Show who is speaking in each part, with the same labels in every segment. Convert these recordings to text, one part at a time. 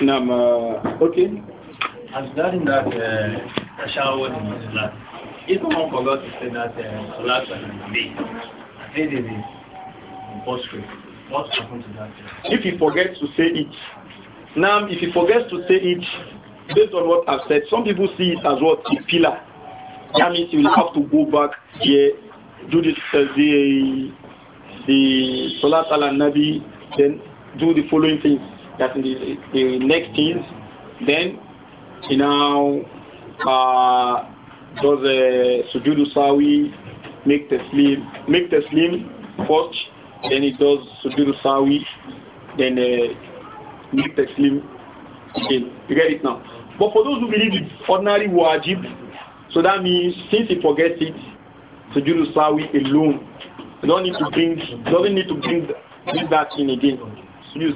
Speaker 1: Naam, uh, okay. As regarding that uh, tashahud in Salat, if someone forgot to say that uh, Salat and Bay, Bay is compulsory. What happened to that? If he forgets to say it, now if he forgets to say it, based on what I've said, some people see it as what a pillar. That means you will have to go back here, do this, uh, the the Salat al-Nabi, then do the following things that the, the next thing. then you know, uh, does a uh, sujudu sawi, make the slim, make the slim first, then it does sujudu sawi, then uh, make the slim again. You get it now. But for those who believe it's ordinary wajib, so that means since he forgets it, sujudu sawi alone, you don't need to bring, doesn't need to bring, bring that in again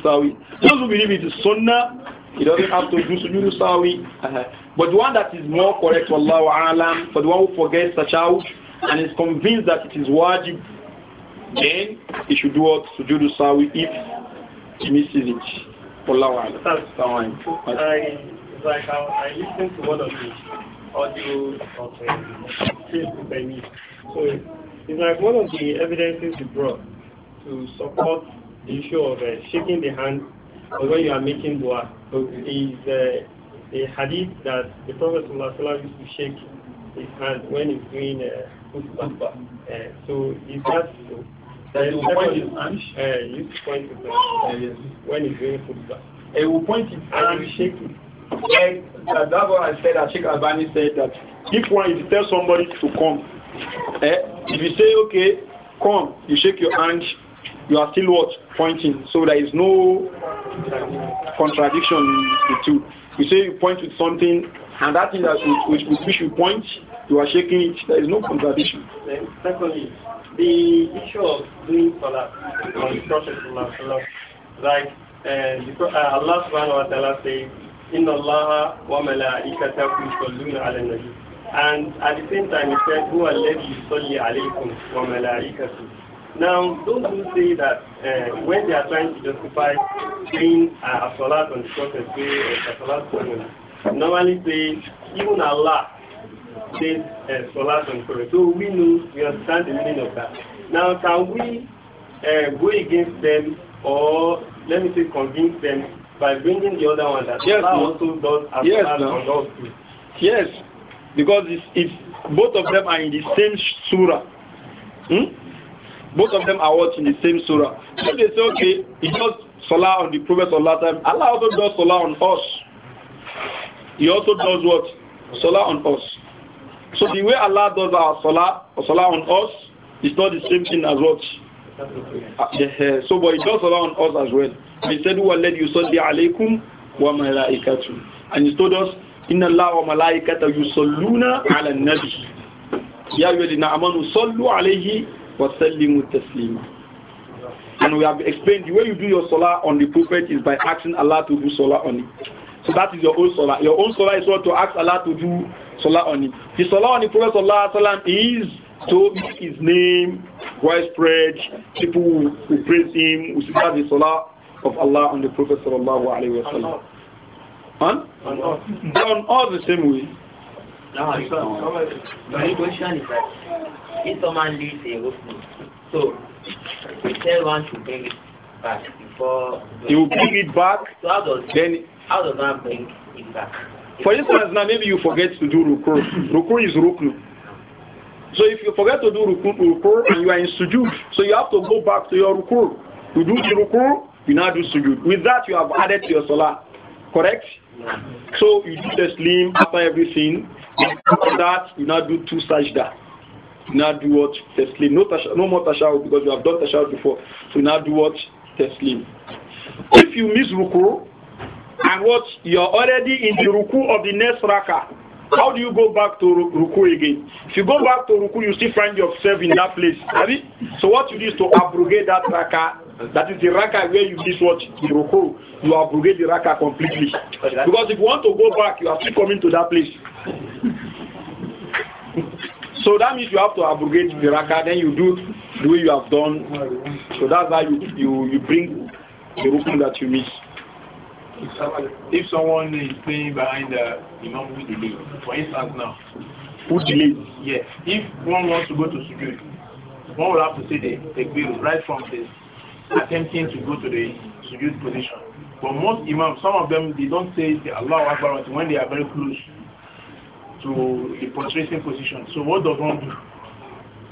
Speaker 1: sawi. Those who believe it is sunnah, he doesn't have to do sujood sawi. Uh-huh. But the one that is more correct, wallahu alam, for the one who forgets such child and is convinced that it is wajib, then he should do what sawi if he misses it. For alam. That's fine. I, like I, I listened to one of the audio of uh, by me. So it's like one of the evidences you brought to support the issue of uh, shaking the hand or when you are making dua. is uh, a hadith that the Prophet ﷺ used to shake his hand when he's doing uh, uh So is that so? That will point his hand. Uh, you point his hand oh, when he's doing khutbah. It will point his hand. And shake it. that's what I said. Sheikh Albani said that if one is you tell somebody to come, eh, if you say okay, come, you shake your hand you are still what? Pointing. So there is no contradiction in the two. You say you point with something, and that thing that which, which, which you point, you are shaking it. There is no contradiction. secondly, the issue of doing salah on eh, the Prophet like uh, Allah subhanahu wa ta'ala says, Inna Allah wa malaikatahu yusalluna ala nabi. And at the same time, he said, Huwa alladhi yusalli alaykum wa malaikatuhu. Now, those who say that uh, when they are trying to justify saying ah, uh, Salat on the Prophet way or Salat on normally say even Allah says uh, Salat on the Prophet. So we know, we understand the meaning of that. Now, can we uh, go against them or let me say convince them by bringing the other one that yes, Allah also does as yes, on those two? Yes, because it's, it's, both of them are in the same surah. Hmm? Both of them are watching the same surah. So they say, okay, he does salah on the Prophet Allah time. Allah also does salah on us. He also does what? Salah on us. So the way Allah does our salah, or salah on us, is not the same thing as what? Uh, so but he does salah on us as well. He said, Who led you salli alaykum wa malaikatu. And he told us, Inna Allah wa malaikata yusalluna ala nabi. Ya ayyuhallazina amanu sallu alayhi وَسَلِّمُوا تَسْلِيمًا And we have explained the way you do your salah on the Prophet is by asking Allah to do salah on it. So that is your own salah. Your own salah is what to ask Allah to do salah on it. The salah on the Prophet Allah is to make his name widespread. People who praise him, who start the salah of Allah on the Prophet sallallahu alayhi wa On, on all the same way. My question is that if someone leaves a rope, so we tell one to bring it back before. He will bring it back. So how does then how does one bring it back? For instance, now maybe you forget to do rukur. Rukur is rukru. So if you forget to do rukur, rukur and you are in sujud, so you have to go back to your rukur. You do the rukur, you now do sujud. With that, you have added to your salah. Correct? So you do the slim after everything. After that, you now do two sajda. You now do what? Teslim. No, tasha, no more tashaw because you have done tashaw before. So you now do what? Teslim. If you miss ruku and what? You're already in the ruku of the next rakah. How do you go back to ruku again? If you go back to ruku, you still find yourself in that place. So what you do is to abrogate that rakah that is the raka where you miss what you ruku. You abrogate the raka completely. Because if you want to go back, you are still coming to that place. so that means you have to abrogate the raka, then you do the way you have done. So that's why you, you, you bring the ruku that you miss. If someone is playing behind the imam who delay, for instance now. Who delay? Yes. If one wants to go to school, one will have to say the, the bill right from this attempting to go to the sujood position. But most imams, some of them, they don't say the Allah Akbar when they are very close to the prostrating position. So what does one do?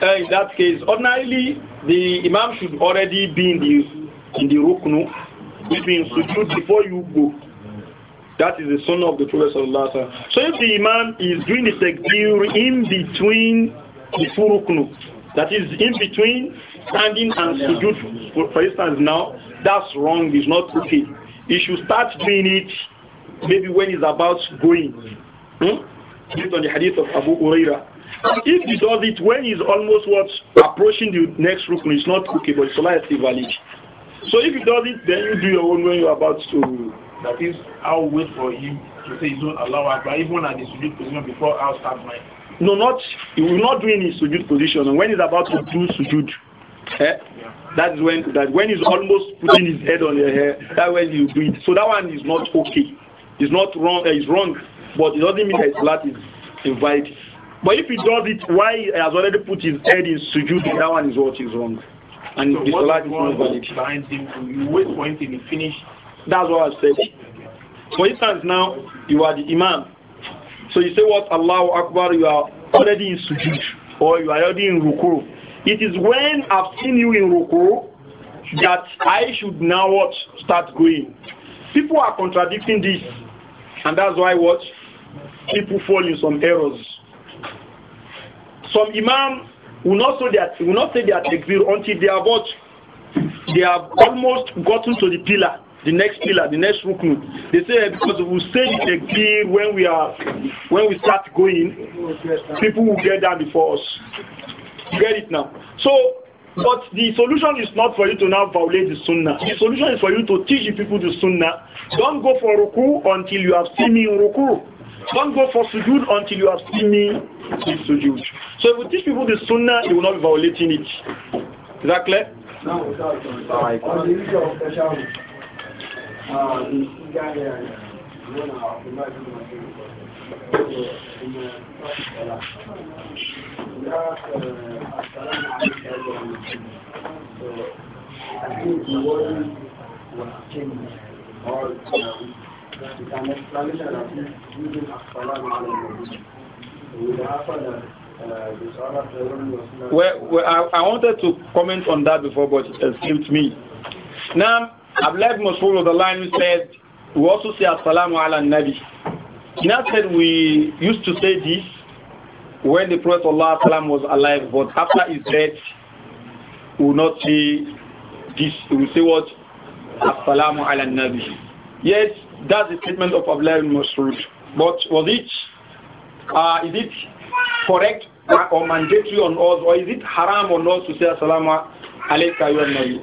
Speaker 1: Uh, in that case, ordinarily the imam should already be in the in the ruknu, which means sujood before you go. That is the son of the Prophet sallallahu alaihi So if the imam is doing the takbir in between the two ruknu, that is in between standing and sujud, for, for instance, now, that's wrong, it's not okay. You should start doing it maybe when it's about going. Hmm? Based on the hadith of Abu Uraira. If he does it when he's almost what approaching the next rukun, it's not okay, but Salah is still valid. So if he does it, then you do your own when you're about to. That is, I'll wait for him to say not allow Allah but even at the sujud position before I'll start mine. No, not, he will not do in his position. When he's about to do sujud. Eh? Yeah. That's when that when he's almost putting his head on your hair, that when you do it. So that one is not okay. It's not wrong. Uh, it's wrong, but it doesn't mean that Salat is invited. But if he does it, why he has already put his head in sujood, that one is what is wrong. And so the Salat is not valid. Him, you wait for him till he finish. That's what I said. For instance, now you are the Imam. So you say what Allah Akbar, you are already in sujood or you are already in ruku it is when I've seen you in Ruku that I should now what start going. People are contradicting this, and that's why what people fall in some errors. Some imam will not say that will not say that takbir until they have what they have almost gotten to the pillar, the next pillar, the next rukun. They say eh, because we say the takbir when we are when we start going, people will get down before us. get it now? So, but the solution is not for you to now violate the sunnah. The solution is for you to teach the people the sunnah. Don't go for ruku until you have seen me in ruku. Don't go for sujud until you have seen me in sujud. So if you teach people the sunnah, you will not be violating it. Is that clear? No, on the issue of special, uh, I well, well I, I, wanted to comment on that before, but it escaped me. Now, left most of the line said, we also say Assalamu ala Nabi. In that said we used to say this when the Prophet Allah was alive, but after his death, we will not say this. We will say what? Assalamu ala nabi. Yes, that's the statement of Abdullah ibn Masrud. But was it, uh, is it correct or mandatory on us, or is it haram on us to say Assalamu alayka ya nabi?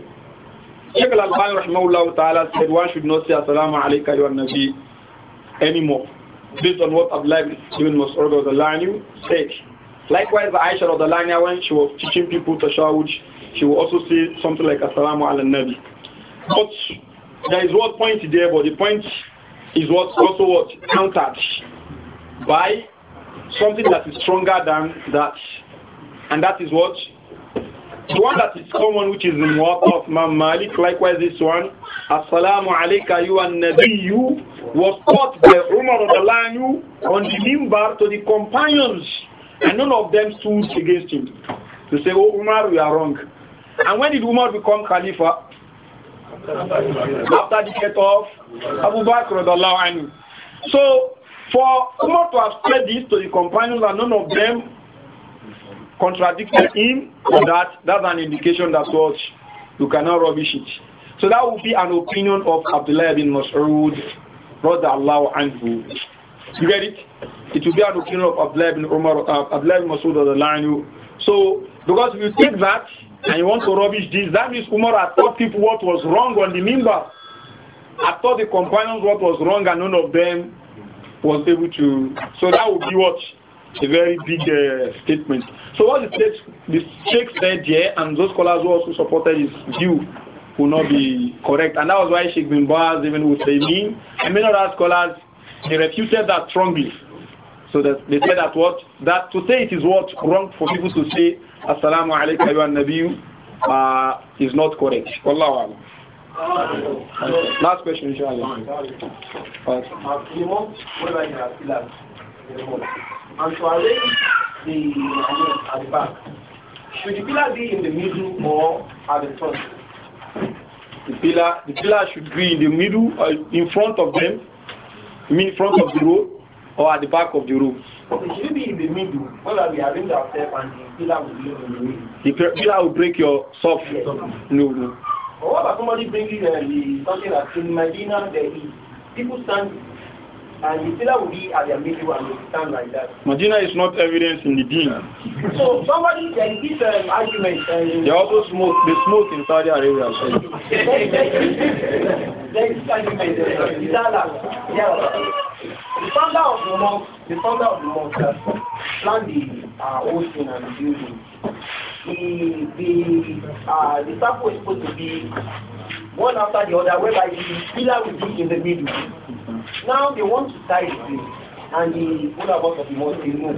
Speaker 1: Sheikh al-Albani rahimahullah ta'ala said one should not say Assalamu alayka ya nabi anymore based on what Abdullah ibn Mas'ud of the Lanyu said. Likewise, the Aisha of the when she was teaching people tashawud, she will also say something like Assalamu ala Nabi. But there is one point there, but the point is what also what countered by something that is stronger than that. And that is what? The one that is common, which is in Muwatta of Imam Malik, likewise this one, Assalamu alayka you nabi you was taught by Umar Adalanu on the mimbar to the companions, and none of them stood against him. They say, Oh, Umar, we are wrong. And when did Umar become Khalifa? After the death of Abu Bakr Adalanu. So, for Umar to have said this to the companions and none of them contradicted him, that that's an indication that what you cannot rubbish it. So that would be an opinion of Abdullah bin Mas'ud you get it? It will be an opinion of Abdullah ibn Umar, uh, Abdullah ibn Masud you. So, because if you take that and you want to rubbish this, that means Umar had taught people what was wrong on the member. I taught the companions what was wrong and none of them was able to. So that would be what? A very big uh, statement. So what the the Sheikh said here, and those scholars who also supported his view, will not be correct. And that was why Sheikh Bin Baz, even me. and many other scholars, they refuted that strongly. So that they said that what that to say it is what wrong for people to say Assalamu alaikum wa nabiyu uh, is not correct. Wallahu alam. Last question, inshallah. And to arrange the at the back, should the pillar be in the middle or at the front? the pillar, the pillar should be in the middle or uh, in front of them, I mean in front of the road or at the back of the road. Okay, should be in the middle. Well, we arrange ourselves and the pillar will be in the middle. The pillar will break your soft. Yes. No, no. But what about somebody bringing uh, the, something that in Medina, there is people stand And you still will be at their middle and they stand like that. Medina is not evidence in the deen. So somebody can this an um, argument. Uh, they also smoke. They smoke in Saudi Arabia. So. there is argument. There um, is Yeah. The founder of the mosque, the founder of the mosque that uh, planned the uh, whole thing and the building. The the uh, the circle is supposed to be one after the other, whereby the pillar will be in the middle. Now they want to tie it ring, and the followers of the mosque say no.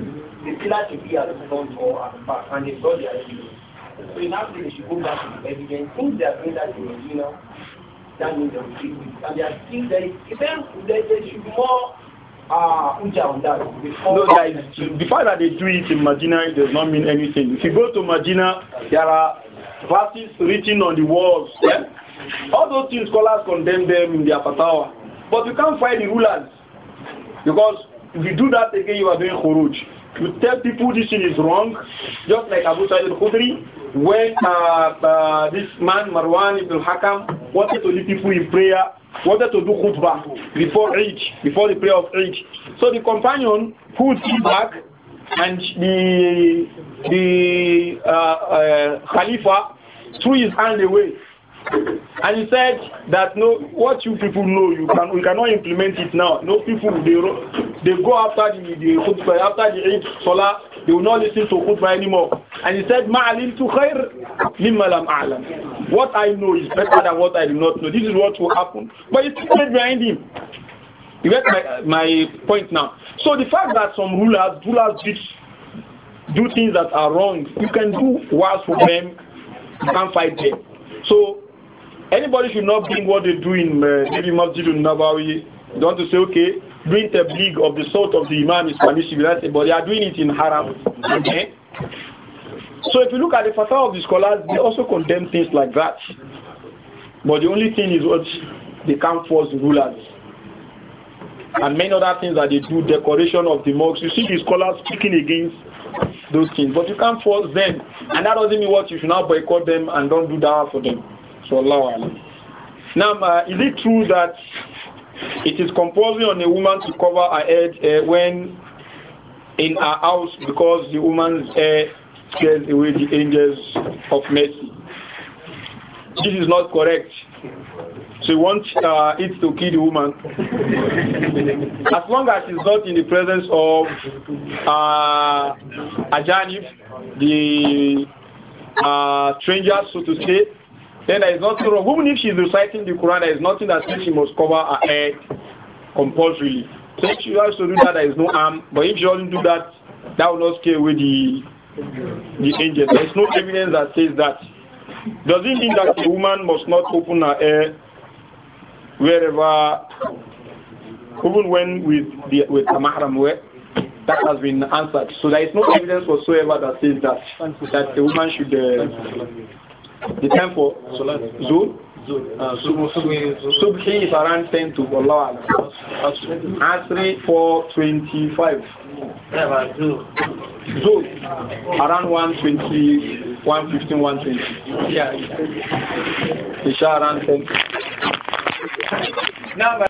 Speaker 1: The pillar should be at the front or at the back, and they saw their evidence. So in that case, they should go back to the evidence. Since they are doing that in Medina, that means they will keep it. And they are still there. Even there, there should be more uh, no, guys, the fact that they do it in Medina does not mean anything. If you go to Medina, there are verses written on the walls. Yeah? All those things scholars condemn them in their fatwa. But you can't find the rulers. Because if you do that again, you are doing khuruj. You tell people this thing is wrong, just like Abu Sa'id al-Khudri, when uh, uh, this man Marwan ibn hakam wanted to lead people in prayer, wanted to do khutbah before Eid, before the prayer of Eid. So the companion pulled him back, and the the uh, uh Khalifa threw his hand away and he said that no, what you people know, you can we cannot implement it now. No people they they go after the the khutbah, after the Eid they will not listen to khutbah anymore. And he said, "Ma'alim to khair lam a'lam." What I know is better than what I do not know. This is what will happen. But it's straight behind him. You get my, my point now. So the fact that some rulers, rulers do, do things that are wrong, you can do worse for them, you can't fight them. So anybody should not bring what they do in uh, maybe Masjidun Nabawi. You want to say, okay, bring the big of the sort of the Imam is permissible. but they are doing it in haram. Okay? So if you look at the fatwa of the scholars, they also condemn things like that. But the only thing is what they can't force rulers. And many other things that they do, decoration of the mosques. You see the scholars speaking against those things, but you can't force them. And that doesn't mean what you should now boycott them and don't do that for them. So Now, uh, is it true that it is compulsory on a woman to cover her head uh, when in her house because the woman's hair scares away the angels of mercy? This is not correct. So you want uh, it to kill the woman. as long as she's not in the presence of uh, janif, the uh, stranger, so to say, then there is nothing wrong. Even if she is reciting the Quran, there is nothing that says she must cover her head compulsorily. So if she has to do that, there is no harm. But if she doesn't do that, that will not scare away the the angels. There is no evidence that says that. Does it mean that a woman must not open her hair wherever, even when with the, with the mahram wear? That has been answered. So there is no evidence whatsoever that says that that a woman should. Uh, the time for Salat Zul? Uh, Subhi is around 10 to Allah Asri 425. Zul around 120, 115, 120. Isha around 10.